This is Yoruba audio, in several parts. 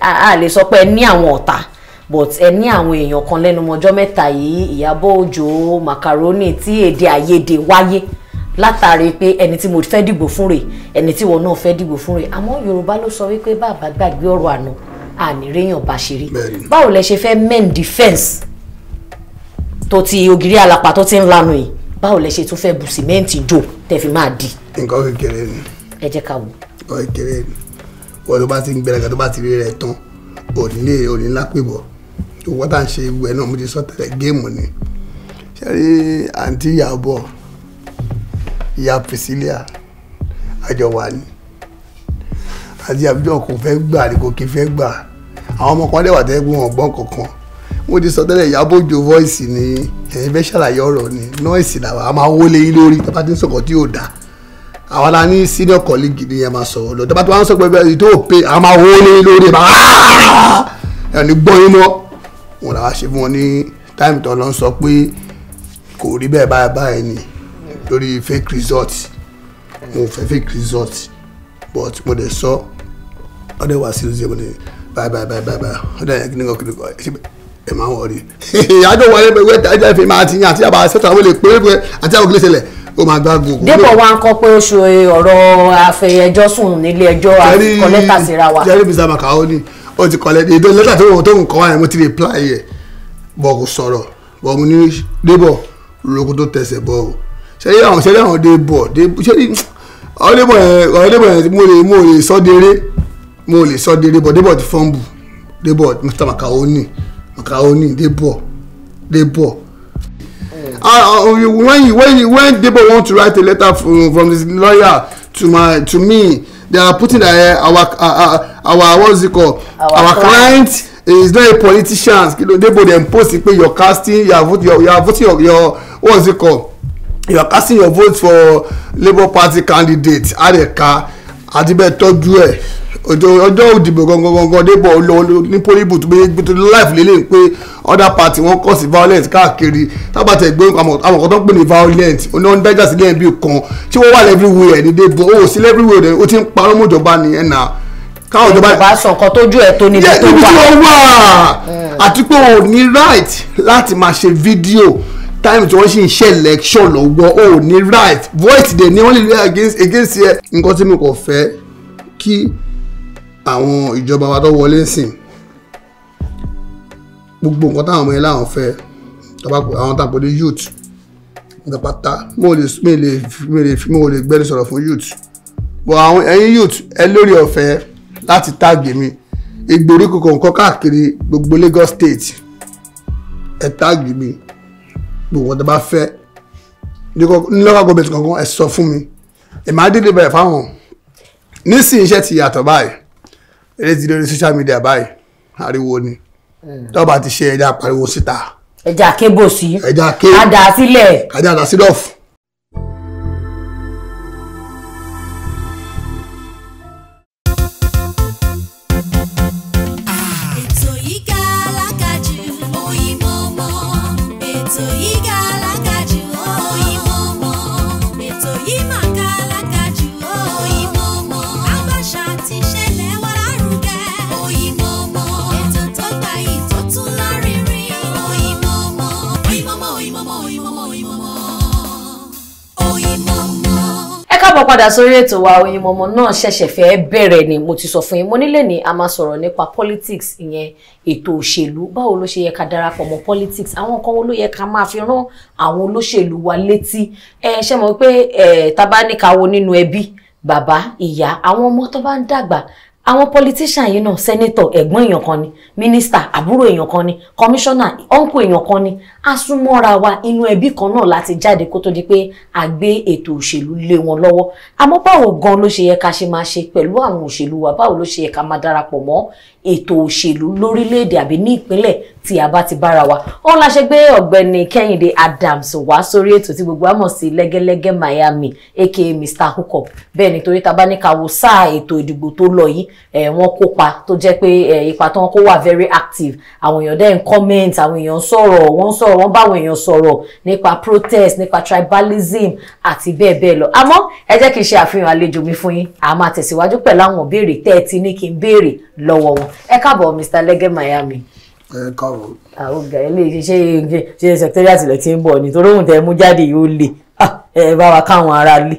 a lè sọ pé ẹ ní àwọn ọ̀tá but ẹ ní àwọn èèyàn kan lẹ́nu ọjọ́ mẹ́ta yìí Ìyábọ̀ Òjó macaroni tí èdè àìyedè wáyé látàrí pé ẹni tí mo fẹ́ dìbò fún rẹ̀ ẹni tí wọn náà fẹ́ dìbò fún rẹ̀ àmọ́ Yorùbá ló sọ wípé bàbá gbàgbé ọ̀rọ̀ àná àníréyàn bá ṣe rí báwo lẹ ṣe fẹ́ men defence tó ti ògiri àlàpà tó ti ń lanu yìí báwo lẹ ṣe tún fẹ́ bu sìmẹ́ǹtì jò tẹ́ fi máa di. nǹkan kékeré ni. ẹ jẹ́ ká wò. nǹkan kékeré ni wọ́n tó bá ti ń gbẹ̀rẹ̀ kan tó bá ti rí rẹ̀ tán ònílé ònílá pébọ̀ owó tá à ń ṣe gbogbo ẹ̀ náà mo ti sọ tẹ́lẹ̀ géèmù ni ṣe rí àǹtí ìyàbọ̀ ìyá Priscilla àjọ wà ní àti àbújọ kò fẹ́ gbà ni kò kì í fẹ́ gbà àwọn ọmọ kan lẹ́wà tẹ́lẹ̀ pé wọ́n gbọ́n kankan mo ti sọ tẹ́lẹ̀ Ìyábọ̀ Òjó voice ni ẹ̀yin fẹ́ ṣàlàyé ọ̀rọ̀ ni noise làwọn a máa wọlé yín lórí tó bá ti ń sọ̀kọ̀ tí yóò dáa àwọn la ní senior colleague gidi yẹn máa sọ̀rọ̀ lọ dábàá tó wá ń sọ pé bẹ́ẹ̀ tó pé àwọn máa wó ní lórí ẹ̀ máa ẹ̀ ní gbọ́ yín mọ́ wọn làwọn ṣe fún wọn ní táìmù tó lọ ń sọ pé kò rí bẹ́ẹ̀ báyìí báyìí ni lórí fake result mo fẹ́ fake result but mo dẹ̀ sọ ọ́ dẹ̀ wá sí lóṣìṣẹ́ mo dẹ̀ báyìí báyìí báyìí báyìí ọ́ dẹ̀ yẹn kí ni kò kí ni kò ẹ̀ máa wọ̀ rí. àjọ wọlé pẹ̀lú ẹ̀ta ẹ̀jẹ̀ fi máa ti yàn àti àbá ṣẹ́ta wọlé pé àti àwọn kìlẹ̀ ṣẹlẹ̀ ó máa gbá gòkú. dépò wa ń kọ pé oṣù ọ̀rọ̀ àfẹ̀yẹjọ́ sùn nílé ẹjọ́ àkọlẹ́tà síra wa. jerry mr macaroni ó ti kọ lẹ́tà ìdó lẹ́tà tó wọ́n tó ń kọ́ wa yẹn mo ti reply yẹ bọ̀ kò sọ̀rọ̀ bọ̀ mo ní débọ̀ lóko tó tẹsẹ̀ bọ̀ o ṣe é àwọn ṣe é àwọn débọ̀ ṣe é àwọn débọ̀ yẹn àwọn débọ̀ yẹn mo lè mo lè sọ déré mo lè sọ déré bọ̀ débọ̀ ti fọ́ǹbù débọ̀ mr macaroni macaroni débọ̀ débọ̀ uh, when you, when you, when people want to write a letter from, from his lawyer to my to me they are putting their, uh, our uh, our, what is it called our, our client. client is not a politician you know they Debo dem post pe your casting you are voting your you are voting your your is it called you are casting your vote for Labour Party candidate Adeka Adibetoju ẹ ọjọ́ ọjọ́ òdìbò gangan gangan Debo lọ ní polybooth pé life lélẹ́yìn pé other party wọn kọ́ sí violence káàkiri tábàtẹ̀ gbé àwọn kan tó ń pè ní violent oníwọ̀ndájà sílẹ̀ bí kan tí wọ́n wà everywhere ní débò ó sí everywhere ó ti ń parọ́ mọ́ ìjọba nìyẹn náà káwọn ìjọba ìjọba sọ̀kan tójú ẹ̀ tó níbi tó wà níbi tó wà àti pé o ní right láti máa ṣe fídíò time tí wọ́n ṣì ń ṣe election lọ́wọ́ o ní right voice dey ní wọ́n lè lé against against ẹ nǹkan tí mi kò fẹ́ kí àwọn ìjọba wa tó wọlé sìn gbogbo nǹkan táwọn ọmọ yẹn láwọn fẹ́ àwọn tàpọ̀ ní youth nǹkan pátá mo lè mi lè mi lè mo lè gbẹ́ni sọ̀rọ̀ fún youth but àwọn ẹ̀yin youth ẹ lórí ọ̀fẹ́ láti táàgì mi ìgbèríko kọ̀ọ̀kan káàkiri gbogbo Lagos state ẹ táàgì mi gbogbo ọ̀dọ́ bá fẹ́ nílọ́gà gọ́ọ̀mẹ̀tì kankan ẹ sọ fún mi èmi àdédé bẹ̀rẹ̀ fáwọn nísìnyí iṣẹ́ ti yàtọ̀ báyìí eré ti lórí social media báyìí ariwo ni Mm. tọ́ba ti ṣe ẹja pariwo síta. ẹja kébò sí. ẹja ké. kádà sílẹ̀. kádà sílẹ̀ ọ̀fù. káàbọ̀ padà sórí ètò wa Oyinmomo náà ṣẹ̀ṣẹ̀ fẹ́ bẹ̀rẹ̀ ni mo ti sọ fún yín mo nílé ní a máa sọ̀rọ̀ nípa politics ìyẹn ètò òṣèlú báwo ló ṣe yẹ ká darapọ̀ mọ́ politics àwọn nǹkan wo ló yẹ ká máa fi rán àwọn olóṣèlú wa létí ẹ ṣe mọ̀ pé ẹ tá bá ní ká wo nínú ẹbí bàbá ìyá àwọn ọmọ tó bá ń dàgbà àwọn politician yìí náà senator ẹ̀gbọ́n èèyàn kan ni minister àbúrò èèyàn kan ni commissioner uncle èèyàn kan ni asúnmọ́ra wa inú ẹbí kan náà láti jáde kó tó di pé a gbé ètò òṣèlú lé wọn lọ́wọ́ àmọ́ báwo gan ló ṣe yẹ ká ṣe máa ṣe pẹ̀lú àwọn òṣèlú wa báwo ló ṣe yẹ ká máa darapọ̀ mọ́ ètò òṣèlú lórílẹ̀‐èdè àbí ní ìpínlẹ̀ tí a bá ti bára wa òun la ṣe gbé ọ̀gbẹ́ni Kẹ́hìndé Adams wá sórí ètò tí gbogbo àmọ̀ sí lẹ́gẹ́lẹ́gẹ́ Miami aka Mr Hookup bẹ́ẹ̀ nítorí tá a bá ní ká wo sáà ètò ìdìbò tó lọ yìí ẹ̀ wọ́n kópa tó jẹ́ pé ipa tí wọ́n kó wà very active àwọn èèyàn dẹ́n comment àwọn èèyàn sọ̀rọ̀ wọ́n sọ̀rọ̀ wọ́n bá àwọn èèyàn sọ̀rọ̀ nípa protest nípa tribalism àti bẹ́ẹ̀ bẹ́ẹ̀ lọ àmọ́ ẹ jẹ́ kí n ṣe àfihàn àlejò mi fún yín àmọ́ àtẹ̀síwájú pẹ̀lú àwọn ìbéèrè tẹ́ ẹ káàbọ̀ Mr. Lege Miami. ẹ káàbọ̀. àwọn ọgá ilé ṣe ṣe secretariat rẹ ti ń bọ̀ nítorí òun tẹ mú jáde yóò lè ẹ bá wa káwọn ará lé.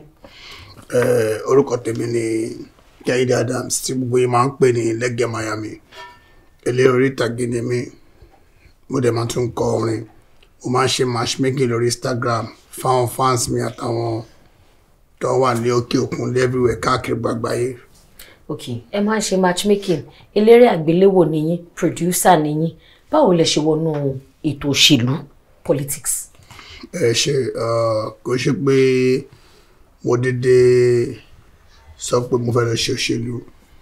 orúkọ tèmi ni Jaiye Adams tí gbogbo yìí máa ń pè ní Lege Miami eléré orí ìtàgé ni mí mo dẹ̀ máa tún kọ orin mo máa ń ṣe matchmaking lórí Instagram fáwọn fans mi àtàwọn tó wà ní òkè òkun lẹ́bíwẹ̀ káàkiri gbàgbáyé ok ẹ máa ń ṣe matchmaking eléré àgbéléwò nìyí producer nìyí báwo lẹ ṣe wọnú ètò òṣèlú politics. ẹ ṣe kò ṣe pé mo dédé sọ pé mo fẹ́ lọ ṣe òṣèlú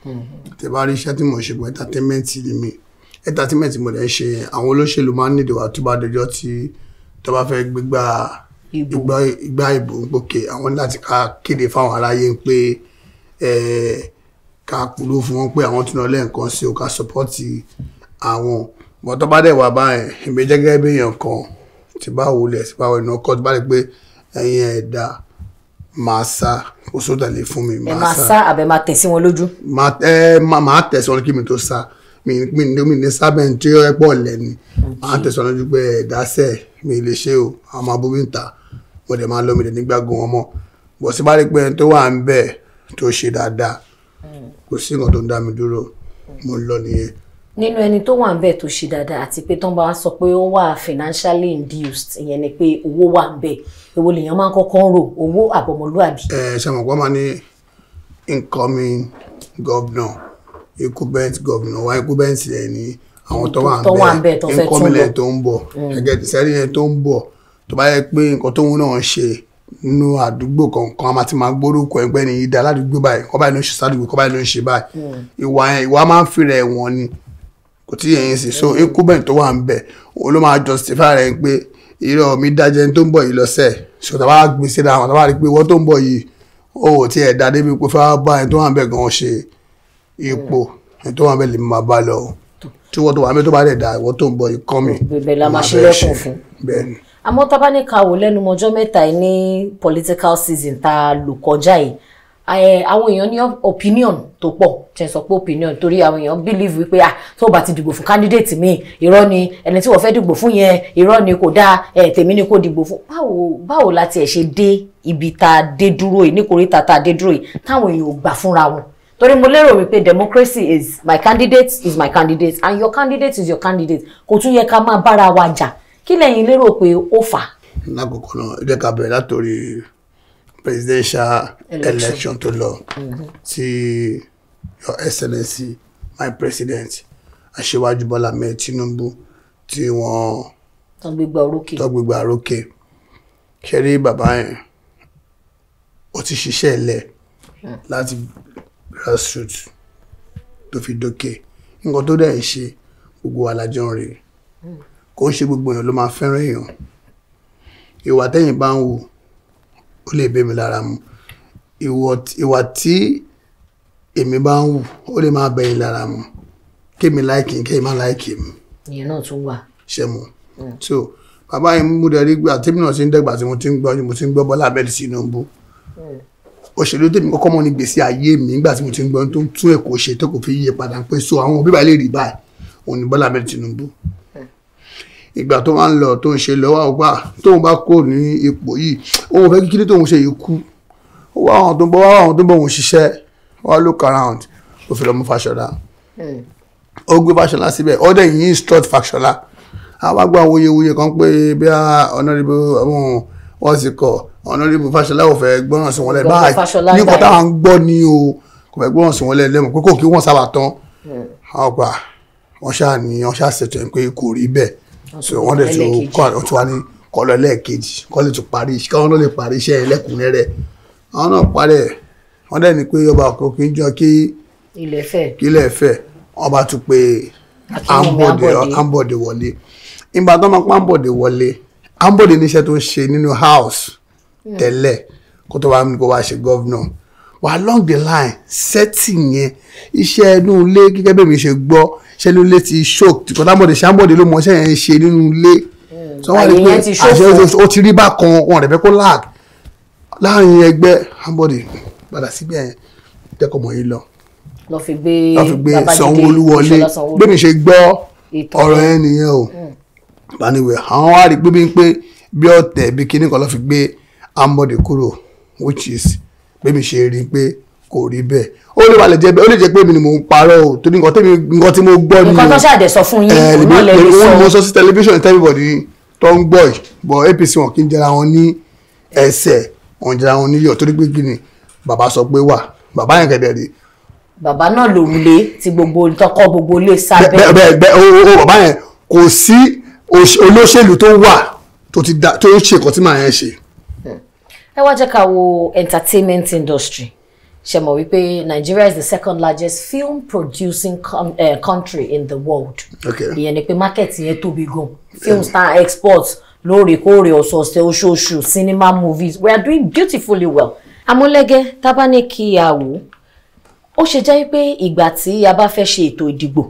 mm-hmm. tẹ rí iṣẹ́ tí mo ṣe pé entertainment ni mi entertainment mo dẹ̀ ń ṣe àwọn olóṣèlú máa ń nídìí wa tó bá dọjọ́ tí tó bá fẹ́ gbígbà ìgbà ìbò gòkè àwọn láti kéde fáwọn aráyé pé ká polówó fún wọn pé àwọn tí wọn lẹ́ẹ̀kan sí o ká sọpọ́tì àwọn bọ́tọ́ bá dẹ̀ wà báyẹn èmi jẹ́gẹ́ bí èèyàn kan ti bá wulẹ̀ ti bá wọ inú ọkọ ti bá rí pé ẹ̀yin ẹ̀dá máa sá o sódà lè fún mi máa sá. ẹ máa sá tẹ̀ sí wọn lójú. máa tẹ̀ sí wọn kí mi tó sá mi ní mi ní sábẹ́ ní tí ó pọ̀ lẹ́ni máa tẹ̀ sí wọn lójú pé ẹ̀dá sẹ̀ mi lè ṣe o àwọn máa bóbi ń ta mo dẹ̀ máa lọ nígbàgbọ́ wọn mọ́ bọ̀ sí bá rí pé ẹni tó wà ń bẹ̀ tó ṣe dáadáa kò sí nǹkan tó ń dá mi dúró mo ń lọ nìyẹn. nínú ẹni tó wà ń bẹ̀ tó ṣe dáadáa àti pé tán bá wá sọ pé ó wà financially induced ìyẹn ni pé owó wà ń bẹ̀ èwo lèèyàn máa ń kọ́kọ́ rò owó àbọ̀mọlúàbí. ẹ ṣàmùkọ́ wọ́n máa ní incoming governor incumbent governor wa incumbent ẹ̀ ní àwọn tó wà ń bẹ̀ incoming ẹ̀ tó ń bọ̀ mm. ẹ̀gẹ́ ìsẹ́rí ẹ̀ tó ń bọ̀ tó bá yẹ pé nǹkan tóun náà ṣe nínú àdúgbò kọ̀ọ̀kan a máa ti máa gbórúkọ ẹgbẹ́ ní ìdá aládùúgbò báyìí kọ́ báyìí ló ń ṣe sádùúgbò kọ́ báyìí ló ń ṣe báyìí hmm. ìwà yẹn ìwà máa ń fìrẹ̀ ẹ̀wọ̀n ni kò tí yẹn sì so ikú hmm. bẹ́ẹ̀ tó wà ń bẹ̀ òun ló máa justify rẹ̀ pé irọ́ mi dájẹ́ tó ń bọ̀ yìí lọ́sẹ̀ ṣùgbọ́n táwa gbèsè ra àwọn táwa rí pé wọ́n tó ń bọ̀ yìí hmm. tí wọ́n tó wà ń tó bá dẹ̀ dá ìwọ́n tó ń bọ̀ yìí mi. bẹ́ẹ̀ la máa ṣílẹ̀kùn fún. bẹ́ẹ̀ ni àmọ́ tá a bá ní ká wò lẹ́nu ọjọ́ mẹ́ta yìí ní political season tá a lò kọjá yìí àwọn èèyàn ní opinion tó pọ̀ ṣe sọ pé opinion torí àwọn èèyàn believe wípé ah tó o bá ti dìbò fún candidate mi irọ́ ni ẹni tí wọ́n fẹ́ dìbò fún yẹn irọ́ ni kò dáa ẹ̀ tèmi ni kò dìbò fún báwo báwo la tiẹ̀ ṣe dé ibi tá a dé dúró yìí níkòríta tá a dé dúró yìí táwọn èèyàn ò gbà fúnra wọn torí mo lérò wípé democracy is my candidate is my candidate and your candidate is your candidate kò tún yẹ ká máa bára wa jà kí lẹ́yìn lérò pé ó fà. lákòókò náà ẹ jẹ́ látòrí presidential election tó lọ mm-hmm. tí your excellency my president aṣíwájú bọ́lá mẹ́ẹ̀ tinubu tí wọ́n tọ́gbégbà orókè ṣe rí bàbá yẹn ó ti ṣiṣẹ́ ilẹ̀ mm. láti grassroots tó fi dókè nǹkan tó dẹ̀ ń ṣe gbogbo alájọ́ rèé mm kò ṣe gbogbo èèyàn ló máa fẹ́ràn èèyàn ìwà tẹ́yìn bá ń wò ó lè bẹ́ mi lára mu ìwà tí èmi bá ń wù ó lè máa bẹ̀yìn lára mu kémi láìkì kémi má láìkì mi. ìyẹn náà tún wà. ṣe mo mm. so bàbá yìí mú dẹrí gbé àtẹ́mí náà ti ń dẹ́gbà tí mo ti ń gbọ́ mo ti ń gbọ́ Bọ́lá abẹ́rẹ́ Tinubu mm. òṣèlú tèmi kọ́kọ́ mọ́ ní gbèsè ayé mi nígbà tí mo ti ń gbọ́ tó ń tún Èkó ṣe tó kò fi yíyẹ padà pé so àwọn òbí bá lè rí báyìí òun ni Bọ́lá abẹ́rẹ́ Tinubu ìgbà tó máa ń lọ tó ń ṣe lọ́wọ́ ọgbà tóun bá kó ní ipò yìí òun fẹ́ kíkiri tóun ṣe yìí kú ó wá àwọn tó ń bọ́ wá àwọn tó ń bọ̀ òun ṣiṣẹ́ wá look around ó fi lọ mú Fáṣọlá ó gbé Fáṣọlá síbẹ̀ ó dẹ̀ yín instruct Fáṣọlá àwọn àgbà wuyewuye kan pé bí a ọ̀nàdìbò àwọn wọ́n ti kọ̀ ọ̀nàdìbò Fáṣọlá ò fẹ́ gbọ́ràn sí wọn lẹ́ báyìí nípa táwọn gbọ́ ni o kò fẹ́ gbọ́ràn hmm. ní so wọ́n dẹ̀ tó kọ́ ọ tó wá ní kọ́lọ́ lẹ́ẹ̀kejì kọ́lọ́ tó parí káwọn náà lè parí iṣẹ́ ẹlẹ́kùnrẹ́rẹ́ àwọn náà parí ẹ̀ wọ́n dẹ̀ ní pé ọba òkè ń jọ kí ilẹ̀ fẹ̀ ọba tún pé ambode wọlé ìgbà tó máa pa ambode wọlé ambode níṣẹ́ tó ń ṣe nínú house hmm. tẹ́lẹ̀ kó tó wá ní kó wá ṣe governor wà along the line setting yẹn iṣẹ́ inú ilé gẹ́gẹ́ bẹ́ẹ̀ mi ṣe gbọ́ iṣẹ́ inú ilé ti choke tìkọ́ tábọ̀dé ṣàbọ̀dé ló mọ iṣẹ́ yẹn ṣe nínú ilé hmm. sọ wọ́n rí pé àṣẹ ó ti rí bákan wọn rẹ̀ fẹ́ kó lag láàrin ẹgbẹ́ ṣàbọ̀dé padà síbẹ̀ yẹn jẹ́kọ̀ mọ̀ yín lọ. lọ fi gbé Sanwó-Olú wọlé bí mi ṣe gbọ́ ọ̀rọ̀ yẹn nìyẹn o hmm. bániwẹ̀ àwọn wá rí pé bí ọ̀tẹ̀ bí kinní kan lọ fi gbé Ambode kúrò which is bẹ́mi ṣe rí i pé kò rí bẹ́ẹ̀ ó lè balẹ̀ jẹ́ bẹ́ẹ̀ ó lè jẹ́ pé mi ni mo ń parọ́ o torí nǹkan tí nǹkan tí mo gbọ́ ni nǹkan tó ṣàdé sọ fún yín ìmọ̀ eh, lè rí sọ mo sọ sí tẹlifíṣàn tẹ́lifọ̀dì tó ń gbọ́ yìí bọ̀ APC wọn kì í jẹra wọn ní ẹsẹ̀ wọn jẹra wọn níyọ̀ torí pé kí ni bàbá sọ pé wà bàbá yẹn kẹ̀dẹ̀ rí. bàbá náà lòrùlé tí gbogbo tọkọ gbogbo lè sábẹ́. bẹ́ẹ̀ bẹ́ẹ̀ o bàbá yẹn kò sí olóṣèlú tó wà tó ti da tó ṣe nǹkan tí màá yẹn ṣe ẹ wá jẹ́ ká wo entertainment industry ṣe mọ̀ wípé Nigeria is the second largest film producing uh, country in the world ìyẹn ni pé market yẹn tóbi gan film star exports lóòrèkóòrè ọ̀sọ̀ọ̀sẹ̀ oṣooṣù cinema movies we are doing beautifully well. amúlẹ́gẹ́ tábánikì àwò ó ṣe jẹ́ pé ìgbà tí a bá fẹ́ ṣe ètò ìdìbò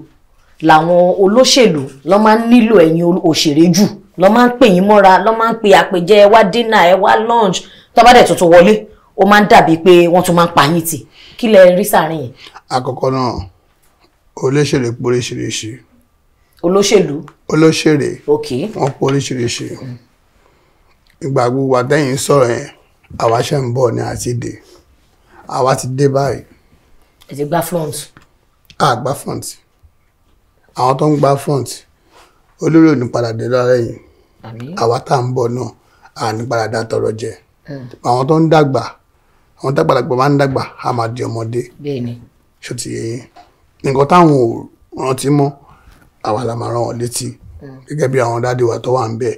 làwọn olóṣèlú ló máa ń nílò ẹ̀yin òṣèré jù lọ máa ń pè yín mọ́ra lọ máa ń pè àpèjẹ ẹ wá dinner ẹ wá lunch tó bá dẹ̀ tuntun wọlé ó máa ń dàbí pé wọ́n tún máa ń pa yín tì kí lẹ rí sàárín yẹn. àkọ́kọ́ náà olóṣèlú poríṣiríṣi. olóṣèlú. olóṣèlú. ok wọn poríṣiríṣi. ìgbà gbogbo àtẹ̀yìn sọ̀rọ̀ yẹn àwa ṣe ń bọ̀ ni àti dé àwa ti dé báyìí. ẹ gba front. a gba front àwọn tó ń gba front olórí ò ní padà dé lọ́rẹ́ yìí àwa tá à ń bọ̀ náà à ní parada tọrọ jẹ hmm. àwọn tó ń dàgbà àwọn dàgbàlagbà máa ń dàgbà a máa di ọmọdé ṣòtì yẹn nǹkan táwọn ò rántí mọ́ àwa la máa rán wọn létí hmm. gẹ́gẹ́ bí àwọn dáàdi wa tó wà ń bẹ̀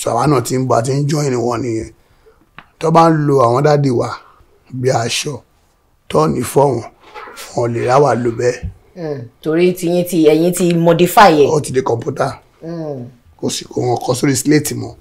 sọ àwa náà ti ń bọ̀ àti ń join wọn nìyẹn tó bá ń lo àwọn dáàdi wa bí aṣọ tọ́ọ̀nì fọ́wọ̀n wọn lè rá wà lò bẹ́ẹ̀. Hmm. torí tiyín ti ẹ̀yin ti modify ẹ̀. ó ti di kọ̀ǹpútà kò sì kó wọn kọ sórí síléètì mọ́.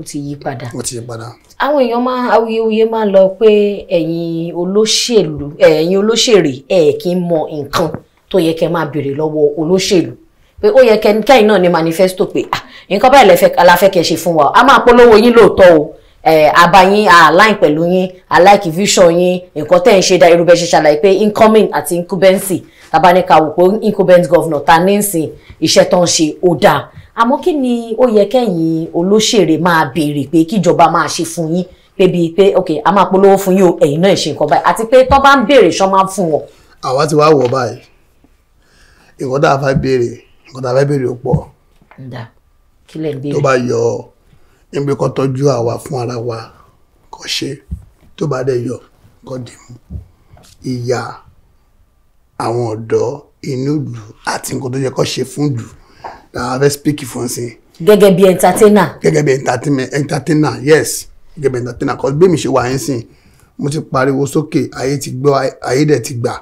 ó ti yí padà ó ti yí padà. àwọn èèyàn máa awuyewuye máa lọ pé ẹ̀yin olóṣèlú ẹ̀yin olóṣèré ẹ̀ kì í mọ nǹkan tó yẹ kẹ́ máa béèrè lọ́wọ́ olóṣèlú pé ó yẹ kẹ́yìn náà ní manifesto pé ah, nǹkan báyìí la kẹ́ ṣe fún wa a máa polówó yín lóòótọ́ o abayin align pẹ̀lú yín alike vision yín nǹkan tẹ́ ń ṣe da irú bẹ́ẹ̀ ṣe ṣàlàyé pé incoming àti incumbency tabaníkà wò pé incumbent governor ta ní ìsìn iṣẹ́ tó ń ṣe ó dáa àmọ́ kí ni ó yẹ kẹ́yìn olóṣèré máa béèrè pé kíjọba máa ṣe fún yín pé bíi pé ok a máa polówó fún yín o ẹ̀yin náà ṣe nǹkan báyìí àti pé tó bá ń béèrè ṣọ́ máa ń fún wọn. àwa ti wá wọ̀ báyìí nǹkan tá a béèrè nǹkan tá béèrè ó pọ̀ tó bá yọ níbi kan tọ́jú àwa fún ara wa kò ṣe tó bá dẹ̀ yọ kò dì mú ìyá àwọn ọ̀dọ́ inú ìlú àti nǹkan tó yẹ kó ṣe fún ìlú na ah, fẹ́ speak fún sí. gẹ́gẹ́ bí entertainer. gẹ́gẹ́ bí entertainer yes gẹ́gẹ́ bí entertainer cause bí mi ṣe wà yín sìn mo ti pariwo sókè ayé ti gbọ́ ayé dẹ̀ ti gbà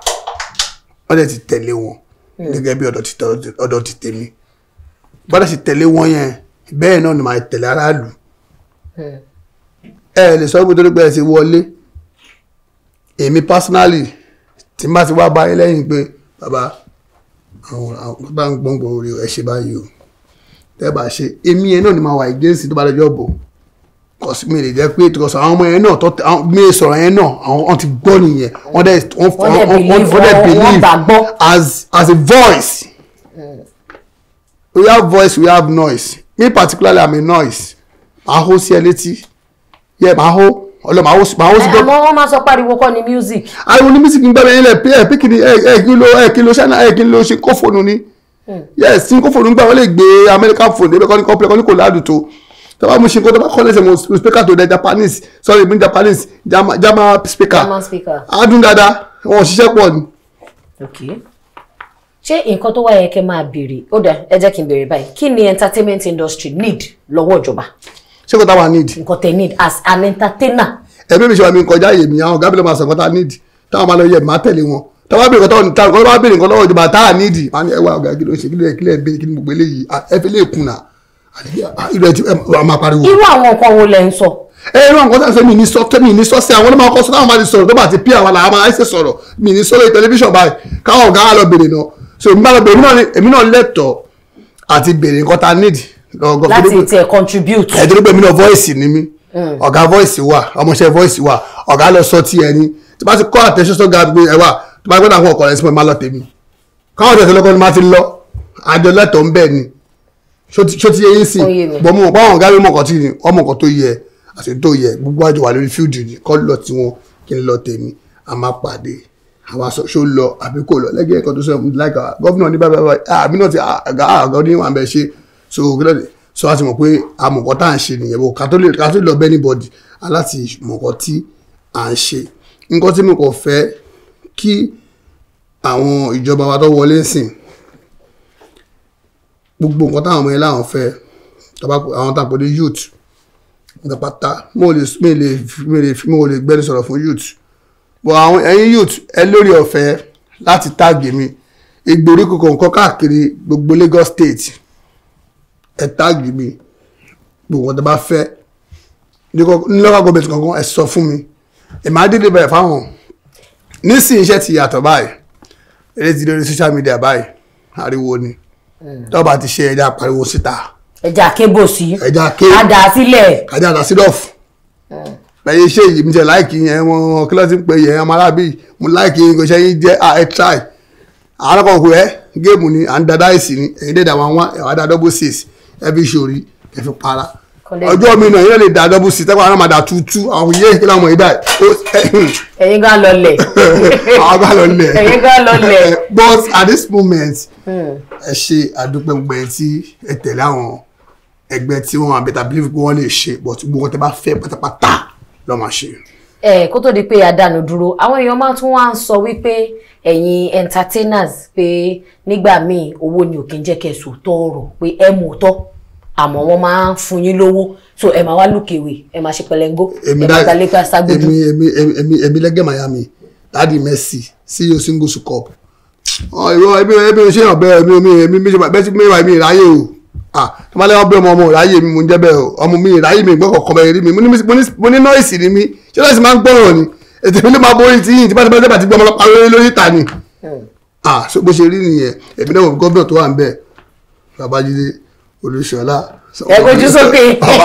o dẹ̀ ti tẹ̀lé wọn hmm. gẹ́gẹ́ bí ọ̀dọ̀ ti tèmi bọ́dọ̀ ti tẹ̀lé wọn yẹn bẹ́ẹ̀ náà ni màá tẹ̀lé aráàlú hmm. ẹ lè sọ pé torí pé ẹ ti wọlé èmi personally tí n bá ti wá báyìí lẹ́yìn pé bàbá àwọn àwọn bá ń gbọ́ngbò orí ẹ ṣe báyìí o tẹ́ ṣe èmi yẹn náà ni máa wà against tó bá lọ́jọ́ bọ̀ kọsí mi lè jẹ́ pé tìkọsọ àwọn ọmọ yẹn náà tọ́ mi sọ̀rọ̀ yẹn náà àwọn ti gbọ́ nìyẹn wọ́n dẹ̀ wọ́n dẹ̀ believe as as a voice we have voice we have noise me particularly i'm a noise màá hó sí ẹ létí yẹ màá hó ọlọ màá wọ́sí màá wọ́sí. àmọ́ wọ́n máa sọ pariwo kọ́ ni music. ariwo ni music ń gbẹ́bẹ̀ yín lẹ̀ pé ẹ̀ píkì ni ẹ̀ kí n lo ẹ̀ kí n lo ṣáínà ẹ̀ kí n lo ṣe kófóònù ni. Hmm. yes sí kófóònù ń gbà wọ́n lè gbé amẹ́ríkà fòònù débẹ̀ kọ́ni kọ́pẹ́ kọ́ni kò ládùn tó. tọ́ba mo ṣe kó tọ́ba kọ́ lẹ́sẹ̀ mo speaker tó dẹ japanese sorry mi japanese jama speaker. jama speaker. adùn dáadáa wọn ò ṣiṣẹ́ pọ̀ ni. okay ṣé nǹkan tó wáyé kẹ́ máa béèrè ó dà ẹ jẹ́ kí n béèrè báyìí kí ni entertainment industry need lọ́wọ́ ìjọba ṣé kò táwa need. nǹkan tẹ need as an entertainer. ẹbí mi ṣe wà mí kọjá yèmí àwọn ọ̀gá mi ló máa sọ nǹkan tá a need táwọn máa lọ yẹ má tẹ̀lé wọn táwa béèrè nǹkan táwọn nǹkan táwa béèrè nǹkan lọ́wọ́ ìjọba tá a need. wọ́n á ní ẹwà ọ̀gá kí ló ṣe kílẹ̀ kílẹ̀ bẹ́ẹ̀ kí ni gbogbo eléyìí ẹ fi lè kùnà irú ẹ ti ẹ máa pariwo. irú àwọn nǹkan wo lẹ ń sọ ẹ ràn kọ́ sẹ́sẹ́ mi ní sọ tẹ́mi ní sọ sí àwọn ọmọ ọkọ sọ táwọn máa ti sọ̀rọ̀ tó bá ti pí àwọn làwọn máa ṣe sọ̀rọ̀ mi ní sọ́lẹ̀ tẹlifíṣàn báyìí káwọn ọ̀gá wa lọ bèrè náà so èmi bá lọ bèrè èmi náà lẹ́tọ̀ọ́ àti bèrè nǹkan ta nídìí láti tiẹ̀ contribute. ẹ̀dúró pé mi náà voice ni mi mm. ọ̀gá voice wà ọmọọṣẹ́ voice wà ọ̀gá lọ sọ ti ẹni tí bá ti kọ́ attention sọ ga gbé ẹwà tí bá gbọ́dọ̀ àwọn ọkọ̀ rẹ̀ sí mi máa lọ tèmi káwọn ọ̀dọ̀ ìṣẹ̀lẹ̀ kan ni máa fi lọ àjọ lẹ́tọ̀ọ́ ń bẹ̀ ni ṣó ti yẹyìn sí bọ́ mo mọ̀ pé àwọn ọ̀gá mi mọ̀kàn tí ni ọmọ kan tó yẹ àti tó yẹ gbogbo àjọ wà lórí fíìdì ni kọ́ lọ tí wọn kí n lọ tèmi a máa pàdé àwọn aṣọ ṣó lọ àbí kò lọ lẹ́gẹ̀ẹ́ kan tó sọ láìka gọ́fìnà so kílódé so a ti mọ̀ pé amọ̀kọ́ tá à ń ṣe nìyẹn bó catholic catholic lọ bẹ́ẹ̀ anybody aláti mọ̀kọ́ tí à ń ṣe nǹkan tí mo kàn fẹ́ kí àwọn ìjọba wa tó wọlé sìn gbogbo nǹkan táwọn ọmọ yẹn láwọn fẹ́ àwọn tàpọ̀ ní youth pátá mo lè mi lè mi lè mo lè gbẹ́ni sọ̀rọ̀ fún youth bọ̀ àwọn ẹ̀yin youth ẹ lórí ọ̀fẹ́ láti táàgì mi ìgbèríko kọ̀ọ̀kan káàkiri gbogbo Lagos state ẹ táàgì mi gbogbo ọ̀dọ̀ bá fẹ́ nílọ́gà gọ́ọ̀mẹ̀ntì kankan ẹ sọ fún mi ẹ máa dédé bẹ̀rẹ̀ fáwọn nísìnyí iṣẹ́ ti yàtọ̀ báyìí eré ti lórí social media báyìí ariwo ni hmm. tọ́ba ti ṣe ẹja pariwo síta. ẹja kébò sí ẹja ké kàdà sílẹ̀ kàdà àdá sílẹ̀ ọ̀fù lẹ́yìn iṣẹ́ yìí mi jẹ́ láìkì yẹn wọn kí ló ti ń pè yẹn ọmọ arábí mo láìkì yẹn ìgbésẹ̀ yín jẹ́ à ah, ẹ try àwọn akọ̀kọ̀ ẹ géèmù ni à ń da dáìsì ni ẹ̀yin dẹ̀dà wọn wá ẹ̀wọ̀n adá double six ẹbí ṣòrí kẹfí para ọjọ́ mi náà yẹn lè da double six tẹ́kọ̀ àwọn àmàdà tuntun àwọn yé kí láwọn ìdá ẹ̀. ẹ̀yin gan lọlẹ̀. àwọn gan lọlẹ̀. ẹ̀yin gan lọlẹ̀. but at this moment hmm. ẹ ṣe àdúpẹ́ gbogbo ẹ̀ tí ẹ tẹ̀lé àwọn ẹgbẹ́ tí wọ́n àbẹ̀tà believe pé wọ́n lè ṣe but gbogbo tẹ bá fẹ́ pátápátá lọ́ọ́ máa ṣe eh kó tó di pé àdánù dúró àwọn èèyàn máa tún wá ń sọ wípé ẹ̀yin entertainers pé nígbà míì owó ni ò kí ń jẹ́ kẹ́ sòótọ́ ọ̀rọ̀ pé ẹ mú tọ́ àmọ́ wọ́n máa ń fún yín lówó so ẹ máa wá lùkèwé ẹ máa ṣe pẹlẹngó ẹ máa gbalẹ gba ságbójú. èmi èmi èmi lẹ́gẹ̀ miami dadi Messi CEO single cup ìró ẹbí ẹbí ṣé ọ̀bẹ mi mi mi mi ṣe bẹ́ẹ̀ sí mi ìráyè o ah tí wọ́n lé wọn bẹ́ẹ̀ mọ ọmọ ìráyè mi mo ń jẹ́ bẹ́ẹ̀ o ọmọ mi ìráyè mi gbọ́kọ̀ kọ́ bẹ́ẹ̀ rí mi mo ní nọ́ìsì ni mi ṣé nọ́ìsì máa ń gbọ́ràn ni ètò ìlú máa borí ti yìnyín tí bàtí bàtí gbọ́mọ lọ́pàá lórí lórí ìta ni hmm. ah so bó ṣe rí nìyẹn èmi náà gọ́ọ̀nà tó wà ń bẹ̀ Babájídé Olúṣọlá ẹgbẹ́jú sókè ọmọ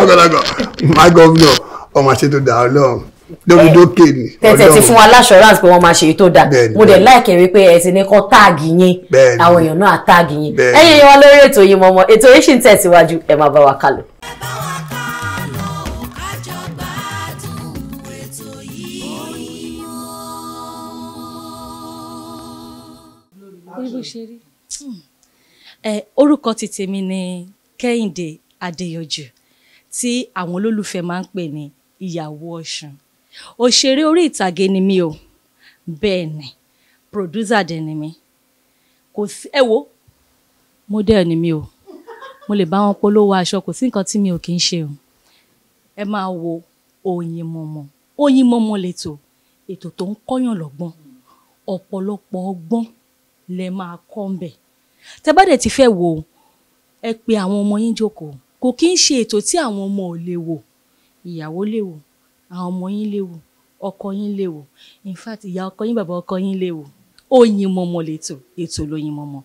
àgbàlagbà my governor ọmọ àṣetò dàá lọ́hùn lórí eh, dókè ni. tẹ̀tẹ̀ ti fún wa láṣọ̀ránsì pé wọ́n máa ṣe èyí tó dáa mo dẹ̀ láìkẹ́ wípé ẹ ti ní kọ́ táàgì yín àwọn èèyàn náà táàgì yín ẹ̀yin yẹn wá lórí ètò yìí mọ́mọ́ ètò yìí sì ń tẹ̀síwájú ẹ máa bá wa kálọ. orúkọ ti tèmi ni Kẹ́hìndé Adéyọjú tí àwọn olólùfẹ́ máa ń pè ní ìyàwó Ọ̀ṣun òṣèré orí ìtàgé ni mi o bẹ́ẹ̀ ni pòdúsà dẹ̀ ni mi kò sí ẹ wo model ni mi o mo lè bá wọn polówó aṣọ kò sí nǹkan tí mi ò kì í ṣe o ẹ máa wo Oyinmomo Oyinmomo lètò ètò tó ń kọ́yàn lọ́gbọ́n ọ̀pọ̀lọpọ̀ ọgbọ́n lẹ máa kọ́ ń bẹ̀ tẹ́ bá dẹ̀ ti fẹ́ wo ẹ pè àwọn ọmọ yín jókòó kò kí ń ṣe ètò tí àwọn ọmọ ò lè wò ìyàwó lè wò àwọn ọmọ yín léwu ọkọ yín léwu in fact ìyá ọkọ yín bàbá ọkọ yín léwu ó yin mọmọ lẹ́tọ̀ ètò ló yin mọmọ.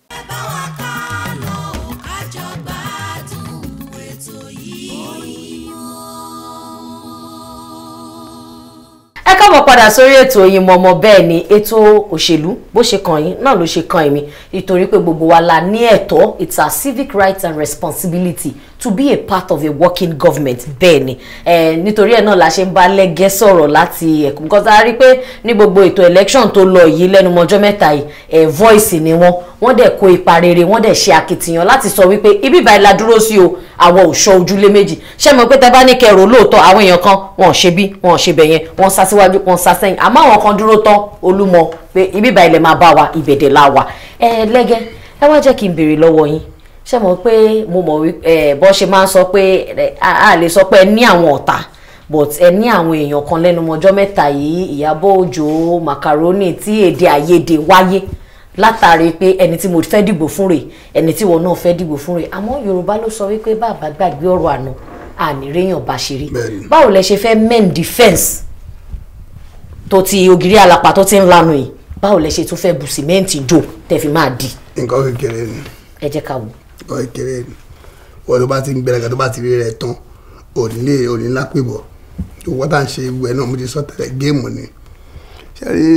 ẹ padà sórí ètò yín mọ̀mọ́ bẹ́ẹ̀ ni ètò òṣèlú bó ṣe kàn yín náà ló ṣe kàn èmi nítorí pé gbogbo wa la ní ẹ̀tọ́ it's our civic rights and responsibility to be a part of a working government bẹ́ẹ̀ ni nítorí ẹ̀ náà la ṣe ń bá lẹ́gẹ́ sọ̀rọ̀ láti ẹ̀kọ́ because a rí pé ní gbogbo ètò election tó lọ yìí lẹ́nu mọ́jọ́ mẹ́ta yìí voice ni wọ́n wọ́n dẹ̀ kó ipa rere wọ́n dẹ̀ ṣe akitiyan láti sọ wípé ibi ìbáyìí la dúró sí o àwọn òṣọ ojúlé méjì ṣé mo pé tẹ bá ní kẹrò lóòótọ́ àwọn èèyàn kan wọn ò ṣe bí wọn ò ṣe bẹ̀yẹn wọn sá síwájú wọn sá sẹ́yìn àmọ́ àwọn kan dúró tán olúmọ pé ibi ìbáyìí lẹ máa bá wa ìbẹ̀dẹ̀ la wà ẹ lẹ́gẹ́ ẹ wá jẹ́ kí n béèrè lọ́wọ́ yín ṣe mọ̀ pé mo mọ̀ wípé bọ́ ṣe máa ń sọ pé a lè sọ pé ẹ ní àwọn ọ̀tá but ẹ ní àwọn èèyàn kan lẹ́nu ọjọ́ mẹ́ta yìí Ìyábọ̀ Òjó macaroni tí èdè àìyedè wáyé látàrí pé ẹni tí mo fẹ́ dìbò fún rẹ̀ ẹni tí wọn náà fẹ́ dìbò fún rẹ̀ àmọ́ Yorùbá ló sọ wípé bàbá gbàgbé ọ̀rọ̀ àná àníréyàn bá ṣe rí báwo lẹ ṣe fẹ́ men defence tó ti ògiri àlàpà tó ti ń lanu yìí báwo lẹ ṣe tún fẹ́ bu sìmẹ́ǹtì jò tẹ́ fi máa di. nǹkan kékeré ni. ẹ jẹ́ ká wò tọ́ ìkéré ni wọ́n tó bá ti ń gbẹ̀rẹ̀ kan tó bá ti rí rẹ̀ tán ònílé ònílá pébọ̀ owó tá à ń ṣe gbogbo ẹ̀ náà mo ti sọ tẹ́lẹ̀ géèmù ni ṣe rí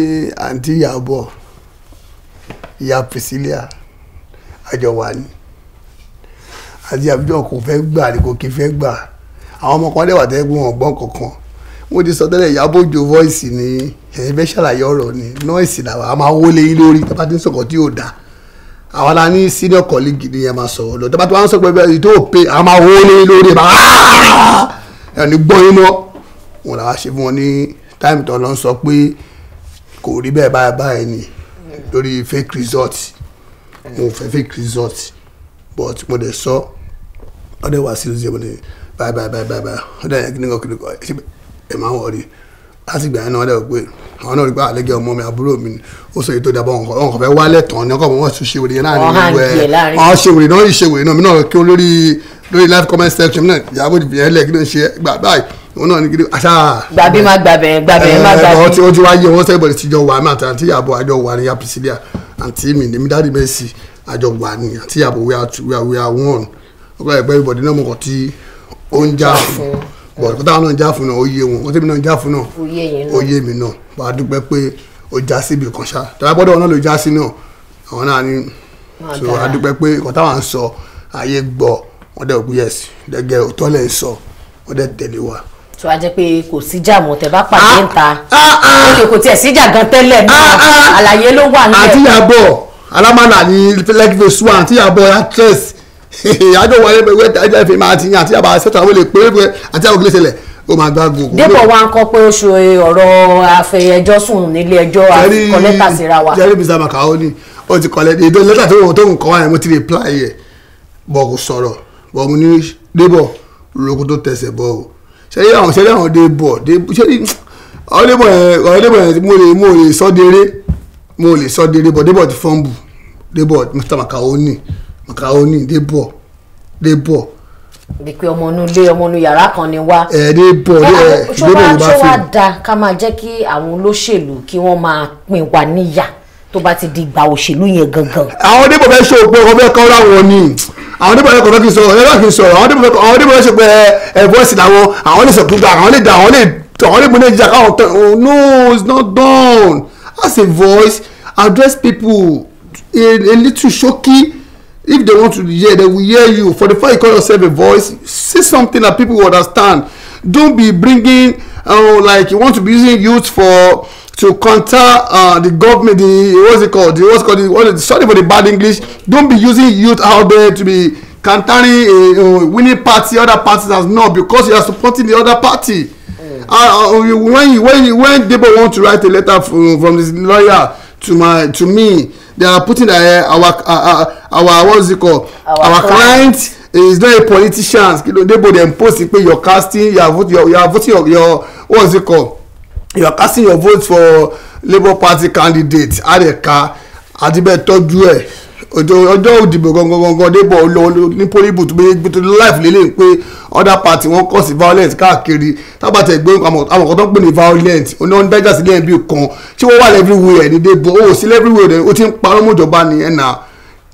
àǹtí ìyàbọ̀ ìyá Priscilla àjọ wà ní àti àbújọ kò fẹ́ gbà ni kò kì í fẹ́ gbà àwọn ọmọ kan dẹ̀wà tẹ́gbọ́n ọ̀gbọ́n kankan mo ti sọ tẹ́lẹ̀ Ìyábọ̀ Òjó voice ni ẹ̀yìn fẹ́ ṣàlàyé ọ̀rọ̀ ni noise làwọn a máa wọlé yín lórí tó bá ti ń sọ̀kọ̀ tí yóò dáa àwọn la ní senior colleague gidi yẹn máa sọ̀rọ̀ lọ dábàá tó wá ń sọ pé bẹ́ẹ̀ tó pé àwọn máa wó ní lórí ẹ̀ máa ẹ̀ ní gbọ́ yín mọ́ wọn làwọn ṣe fún wọn ní táìmù tó lọ sọ pé kò rí bẹ́ẹ̀ báyìí báyìí ni lórí fake result mo fẹ́ fake result but mo dẹ̀ sọ ọdẹ wá sí lóṣìṣẹ́ mo dẹ̀ báyìí báyìí báyìí báyìí ọdẹ yẹn kí ni kò kí ni kò ẹ máa wọrí láti ìgbà yẹn náà lẹ́wọ̀ pé àwọn náà rí pé àlẹ́gẹ́ ọmọ mi àbúrò mi ó sọ èyí tó dábọ̀ nǹkan ọ̀hún fẹ́ wálẹ̀ tán ní ọkọ̀ wọn tún ṣèwèrè yẹn láàrin ìlú ẹ̀ àwọn ṣèwèrè náà ìṣèwèrè náà mi náà kí lórí lórí live comment section náà ìyàwó ìdìbò yẹn lẹ̀ kí ṣe gbà báyìí òun náà ní gidi àṣà. gbàbí má gbàbẹ gbàbẹ má gbàbẹ. ọtí ó ti yẹ wọn sẹ́gbọ̀n ti wà mí àti àti ìyàbọ̀ àjọ wà ní apisilia àti mi ní mi dáàdi àjọ wà ní àti ìyàbọ̀ we are one ọgbà ẹgbẹ́ ìbọ̀dé náà mọ̀kàn tí ó ń já fún bọ̀dù kó táwọn náà já fún náà ó yé wọn ó tẹ́mi náà já fún náà ó yé mi náà wàá dúpẹ́ pé ó já síbi kan ṣá tọ́lá gbọ́dọ̀ náà ló já sí náà àwọn náà ní so wàá dúpẹ́ pé kó táwọn sọ ayé gbọ́ wọ́n dẹ̀ gbé yẹ̀sì dẹ́gẹ́ òtọ́ lẹ̀ sọ wọ́n dẹ̀ tẹ̀lé wa. tó a jẹ́ pé kò síjà mọ́ tẹ́ bá pàdé ń ta òkè kò tiẹ̀ síjà gan tẹ́lẹ̀ náà ah, ah. àlàyé ló wà nílẹ̀. àtìyàbọ̀ alámàlà ní lẹ́gbẹ̀ẹ́ sùn àtìyàbọ̀ actress àjọ wọlé pé ẹjọ́ ìfẹ́ máa ti yan àti àbá ṣètò àwọn olè pé àti àwọn olè ó máa gbá gbogbo. dépò wa ń kọ pé ó ṣe ọ̀rọ̀ àfẹ̀yẹjọ́ sùn nílé ẹjọ́ àkọlẹ́tà síra wa. jerry bisa makaoni ó ti kọ́lẹ́ èdè lẹ́tà tó wọ́n tó ń kọ́ wa yẹn mo ti lè pla yẹ bọ̀ kò sọ̀rọ̀ bọ̀ mo ní débò lóko tó tẹsẹ̀ bọ̀ o ṣẹlẹ̀ àwọn àwọn débò ṣẹlẹ̀ àwọn débò yẹn àwọn débò yẹn mo lè mo lè mo lè sọ déré bọ̀ débò ti fọ́ǹbù débò mr makaoni macaroni débọ̀ débọ̀. wípé ọmọ inú ilé ọmọ inú yàrá kan ni wá. ẹ débọ̀ ẹ lóde ìbá fún mi. ṣọwọ́ àṣọwọ́ da ká máa jẹ́ kí àwọn olóṣèlú kí wọ́n máa pín wa níyà tó bá ti di ìgbà òṣèlú yẹn gangan. àwọn débọ̀ fẹ́ ṣe òpin ọkọ̀ fẹ́ kọ́ láwọn ni àwọn débọ̀ fẹ́ kọ́ fẹ́ sọ̀rọ̀ ẹ bá sọ̀rọ̀ àwọn débọ̀ fẹ́ ṣe pé ẹ bọ́ọ̀sì làwọn àwọn lè sọ̀tún àwọn lè dà àwọn lè àwọn lè múlẹ̀ jà káwọn tẹ̀ oh no it's not done as a voice address people a, a little ṣókí if they want to hear they will hear you for the fact you call yourself a voice say something that people will understand don't be bringing uh, like you want to be using youth for to counter uh, the government the what's it called the what's called the, what, sorry for the bad english don't be using youth out there to be countering a, a winning party other parties as not because you are supporting the other party mm. uh, uh, when you when you when debo want to write a letter from, from his lawyer to my to me they are putting their, eh, uh, our uh, our what's it called our, our client. client is not a politician you know debo dem post pe You're casting you are voting you are voting your your what's it called you are casting your vote for labour party candidate adeka adibe toju e ọjọ́ òdìbò gangan débọ̀ lọ ní polybooth pé life lélẹ̀ pé other party wọ́n kọ̀ sí violence káàkiri tábàtẹ̀ gbé àwọn kan tó ń pè ní violent oní wọn dájà sílẹ̀ bí kan tí wọ́n wà everywhere ní débọ̀ ó sí everywhere ó ti ń parọ́ mọ́jọba nìyẹn náà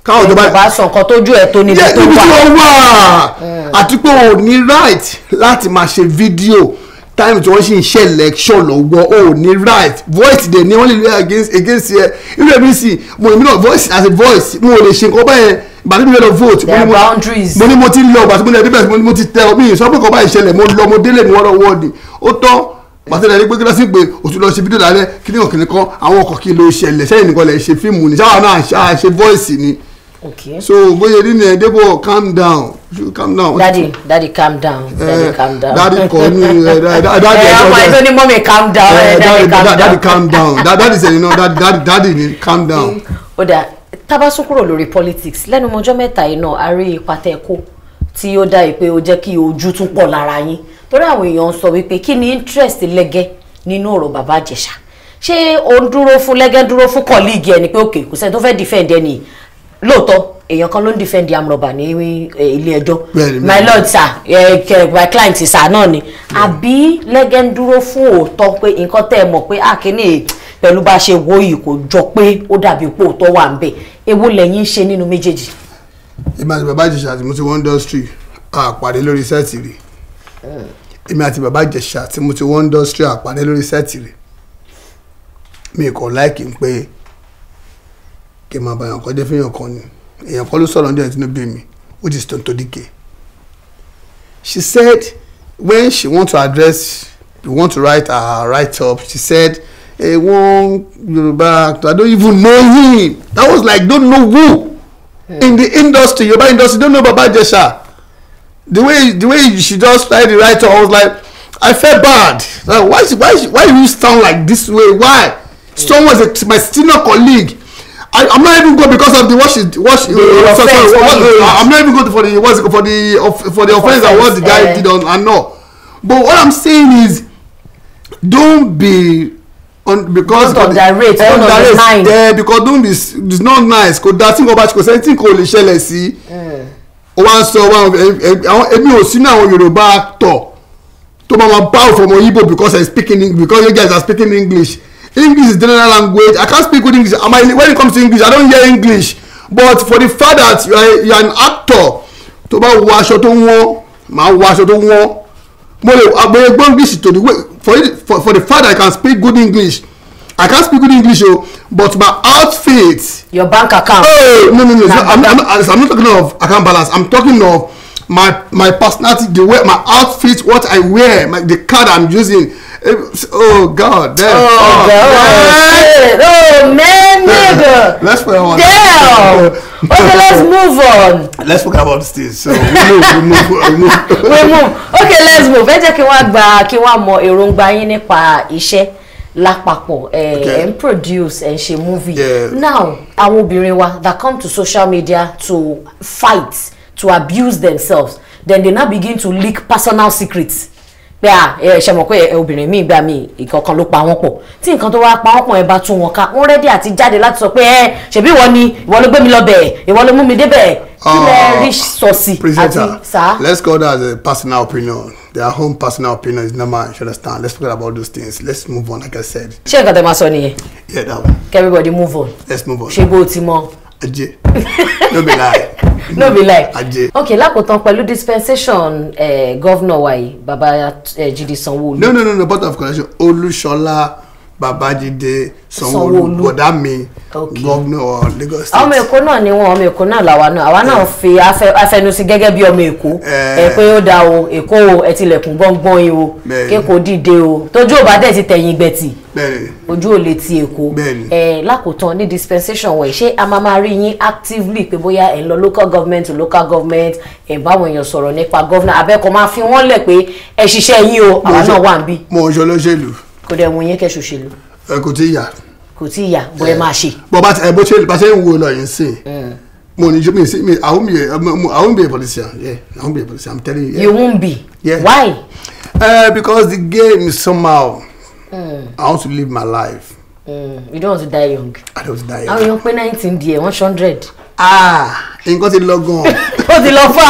káwọn ìjọba ìjọba sọ̀kan tójú ẹ̀ tó níbi tó wà mm. àti pé o ní right láti máa ṣe fídíò time tí wọ́n sì ń ṣe election lọ́wọ́ o ní right voice dẹ̀ ni wọ́n lè lóye against against ẹ irú ẹ̀mí sì mo èmi náà voice as a voice mo ò lè ṣe nǹkan báyẹn gbàtí mi lọ vote boundaries. mo ní mo ti lọ gbàtí mo ní ẹbí bẹ́ẹ̀ mo ti tẹ ọ mi sọ pé kọ́ báyìí ṣẹlẹ̀ mo lọ mo délé mi wọ́n lọ wọ́ọ̀dì ó tán pàtẹ́lẹ̀ ní gbégbé lọ́sí pé òtú lọ ṣe fídíò lálẹ́ kí ni òkìlì kan àwọn ọkọ̀ kí ló ṣẹlẹ̀ sẹ́yìn nìkan lẹ̀ ṣe fíìmù ni sáwọn náà ṣe voice ni okay. so bó ṣe rí nìyẹn débò calm down calm down. daddy daddy calm down. Eh, daddy calm down. daddy kọ ní eh, daddy eh, ẹ ọmọ ẹ tó ní calm down. daddy calm down daddy sẹ́ni náà daddy ni calm down. ó dà tábàsún lori politics lẹ́nu ọjọ́ mẹ́ta yìí náà a rí ipa tẹ́ kó tí ó dá ìpè ó jẹ́ kí ojú tún pọ̀ lára yín torí àwọn èèyàn ń sọ wípé kí ni interest lẹ́gẹ́ nínú ọ̀rọ̀ bàbá àjẹsà ṣé o ń dúró fún lẹ́gẹ́ dúró fún kọ́líìgì ẹni pé òkè kò sẹ́ni tó fẹ́ defend ẹni yìí lóòótọ́ èèyàn kan ló ń defend amrọ̀bà ní eh, ilé ẹjọ́ my lord sir eh, my client sir náà ni àbí lẹ́gẹ́ ń dúró fún òótọ́ pé nǹkan tẹ́ ẹ mọ̀ pé àkíní ah, pẹ̀lú bá a ṣe wo yìí kò jọ pé ó dàbí pé òótọ́ wà ń bẹ̀ èwo lẹ́yìn ṣe nínú méjèèjì. èmi àti bàbá ìjẹsà tí mo ti wọ industry àpàdé lórí sẹ́ẹ̀tì rè hmm. èmi àti bàbá ìjẹsà tí mo ti wọ industry àpàdé lórí sẹ́ẹ̀tì rè mi kò láìkí pé kí n máa bá èèyàn kan jẹ́ fẹ́yàn kan ni èèyàn kan ló sọ̀rọ̀ ní ẹ̀tínú bí mi which is Tonto Dike she said when she want to address we want to write her write up she said hey, one Yoruba actor I don't even know him that was like don't know who yeah. Hmm. in the industry Yoruba industry don't know Baba Jesha the way the way she just write the write up I was like I felt bad like why why why you sound like this way why yeah. Hmm. someone was a, my senior colleague I, I'm not even going because of the what she what she, the uh, offense, sorry, what, what, uh, I'm not even going for the what's for the for the offense, offense and what the guy uh, did on and no. But what I'm saying is, don't be on because don't direct don't direct there because don't be it's not nice Because that thing about because anything called sẹ́yìn tí nǹkan ò lè ṣẹlẹ̀ sí. Mm. ó wá ń sọ wọn àwọn èmi ò sínú àwọn Yorùbá tọ̀ tó máa ma bá òfò ọmọ because I speak in because you guys are speaking English English is general language I can't speak good English and my when it comes to English I don't hear English but for the fact that you are, you are an actor tó bá wọ aṣọ tó wọ́n máa wọ aṣọ tó wọ́n mo lè àgbẹ̀ gbọ́ English to the way for, it, for, for the fact that I can speak good English I can't speak good English o but my outfit. your bank account. Hey, no no no so I'm, I'm, I'm, I'm not talking of account balance I'm talking of my my personality the way my outfit what i wear my the card i'm using it, eh, oh god damn oh, oh god, Shit. oh man nigga let's put on damn okay let's move on let's talk about this so we move we move we move we move okay let's move ẹ jẹ́ kí wọ́n gba kí wọ́n mọ èròǹgbà yín nípa iṣẹ́ lápapọ̀ ẹ ẹ ń produce ẹ ń ṣe movie yeah. now àwọn obìnrin wa that come to social media to fight to abuse themselves then they now begin to leak personal secrets pé à ẹ ṣe mọ̀ pé obìnrin míì gbà mí ìkọ̀kan ló pa wọ́n pọ̀ tí nǹkan tó wá pa wọ́n pọ̀ ẹ bá tún wọn ká wọ́n rẹ́dí àti jáde láti sọ pé ẹ ṣèbí ìwọ ni ìwọ ló gbé mi lọ bẹ̀ ìwọ ló mú mi débẹ̀ ilẹ̀ ah, rich sọ̀sì àti sá. let's call that as a personal opinion their own personal opinion is normal you understand let's forget about those things let's move on like i said. ṣé nǹkan tẹ máa sọ nìyẹn. yeah that one. everybody move on. let's move on. ṣé bó o ti mọ ajé no be lie. no be lie. ajé. ok lákòótán pẹ̀lú dispensation eh, governor wa yìí baba eh, Jídé Sanwó-Olú. no no no no but of connection Olúṣọlá babájídé sanwóolu bọ̀dá mi gọ́vnọ̀ lagos state. ọmọ èkó náà ni wọn ọmọ èkó náà làwa náà àwa náà eh. fi afẹnusí gẹ́gẹ́ bí ọmọ èkó eh. ẹ pé ó da o èkó o ẹ tilẹ̀kùn gbọ́ngbọ́n yìí o kéko dìde o tójú ò bá dẹ̀ ti tẹ̀yìn gbẹ̀tì ojú ò lè ti èkó ẹ eh, lákòótán ní dispensation wọ̀ ẹ̀ ṣé a máa máa rí yín actively pé bóyá ẹ̀ ń lọ local government to local government ẹ̀ báwọn èèyàn sọ̀rọ̀ nípa governor abẹ́kọ̀ọ́ máa fi wọ́n lẹ̀ pé ẹ̀ ṣiṣẹ́ yín o àwa náà wà ń bí. mo ń ṣe olóṣèlú kò dẹ̀ wọ̀nyẹn kẹ́ ṣòṣèlú. ẹ kò tí ì yà. kò tí ì yà bọ́ ẹ máa ṣe. Eh, bọ́ bá ẹ eh, bó ṣe bá ṣe ń wo lọ́yìn sí hmm. i mo ni mi mi I won't be I won't be a politician yeah I won't be a politician I'm telling you. Yeah. you won't be. Yeah. why. Uh, because the game is somehow. Mm. I want to live my life. Mm. you don't want to die young. I don't want to die young. àwọn èèyàn pé nineteen di ẹ̀ one hundred. ah nǹkan ti lọ gan. ó ti lọ fà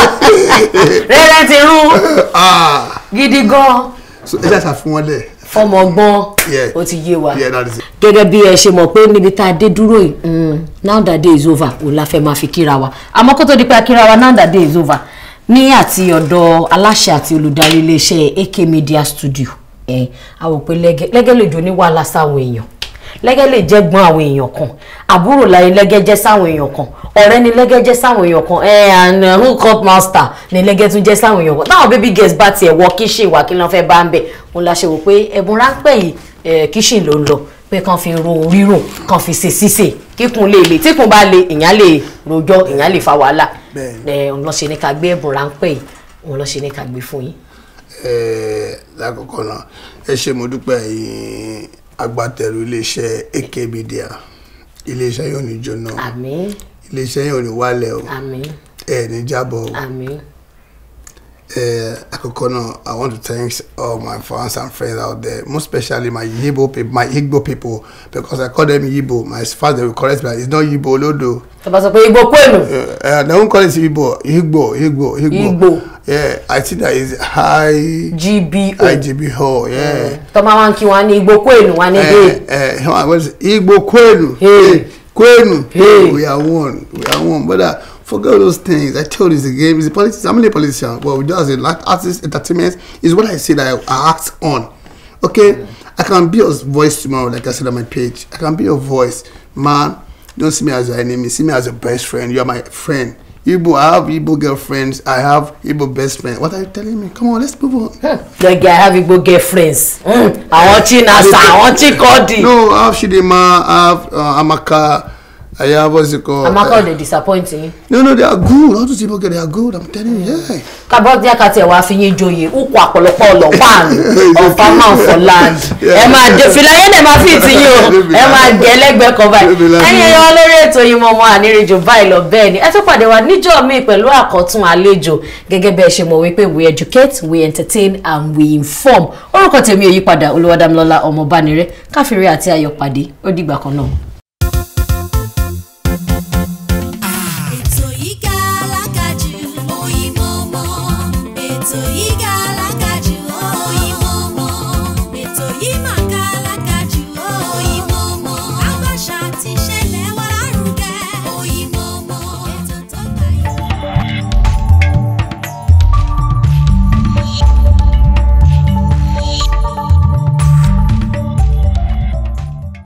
rẹ́rẹ́ ti rún ah. gidi gan. so ẹ ṣáà fún wọn lẹ ọmọgbọ́n ó ti yé wa gẹ́gẹ́ bí ẹ ṣe mọ̀ pé níbi tá a dé dúró yìí mm, now that day is over òun la fẹ́ máa fi kíra wa àmọ́ kó tó di pé a kíra wa now that day is over ní àti ọ̀dọ̀ aláṣẹ àti olùdarí iléeṣẹ́ AK Media Studio ẹ̀ àwòpẹ́ lẹ́gẹ́ lẹ́gẹ́ lè jò ní wàhálà sáwọn èèyàn lẹ́gẹ́ lè jẹ́ gbọ́n àwọn èèyàn kan àbúrò láyé lẹ́gẹ́ jẹ́ sáwọn èèyàn kan ọ̀rẹ́ ni lẹ́gẹ́ jẹ́ sáwọn èèyàn kan ẹ̀ and who uh, up master ni lẹ́gẹ́ tún jẹ́ sáwọn èèyàn kan táwọn baby girls bá tiẹ̀ wọ kíṣìn ìwà kí ló fẹ́ bá ń bẹ̀ mo la ṣe wò pé ẹ̀bùn ráńpẹ́ yìí kíṣìn ló ń lọ pé kàn fi ro rírò kàn fi ṣe ṣíṣe kíkun lè le tíkun bá le èèyàn lè rojọ́ èèyàn lè fa wàhálà ẹ̀ ń lọ ṣe ní ká gbé ẹ̀bùn ráńpẹ́ yìí ń lọ ṣe ní ká gbé fún yín. ẹ lákọ̀ọ́kọ́ náà ẹ ṣe mo dúpẹ́ yín agbátẹrù iléeṣẹ́ AK Media iléeṣẹ́ yóò ní jóná iléeṣẹ́ yóò ní wálẹ̀ o ẹ̀ ní jábọ̀ o. Uh, eh, Akokono, I want to thank all my fans and friends out there, most especially my Yibo people, my Igbo people, because I call them Yibo. My father will correct me. It's not Yibo Lodo. Igbo uh, eh, uh, eh, they won't call it Igbo. Igbo, Igbo, Igbo. Igbo. Yeah, I think that is high GBO. IGBO, yeah. Toma one Igbo kwenu, one Igbo. Eh, eh, Igbo kwenu. Hey. Kwenu. Hey. We are one. We are one. Brother, Forget those things. I told this game is a politician. I'm not a politician. Well, just like artist, entertainment is what I say that I, I act on. Okay, yeah. I can be your voice tomorrow, like I said on my page. I can be your voice, man. Don't see me as your enemy. See me as your best friend. You are my friend. Ibo. I have Ibo girlfriends. I have Ibo best friend. What are you telling me? Come on, let's move on. Hmm. Like I have Ibo girlfriends. Mm. I want you, Nasa. I want you, Cody. No, I have Shidema. I have uh, Amaka. Aya, what's it called? I'm not called they disappointing. No, no, they are good. All those people get they are good. I'm telling you, yeah. Kabodi akati wa fi yin joyè, uku apolopo ọlọ́pàá of farmer for land. Ẹ máa jẹ filaye de máa fi ti yín o. Ẹ máa jẹ lẹ́gbẹ̀ẹ́ kan báyìí. Ẹ̀yin yo lórí ètò yín momo anirejo báyìí lọ bẹ́ẹ̀ ni. Ẹ tún pàdé wa níjọ́ mi pẹ̀lú àkọ́tún àlejò. Gẹ́gẹ́ bẹ́ẹ̀ ṣe mọ̀ wí pé we educate, we entertain and we inform. Orúkọ tèmi ò yí padà Olúwadámilọ́lá Ọmọbánirẹ́. Káfíńrẹ́ àti Ayọ̀ pàdé. Ó dìgbà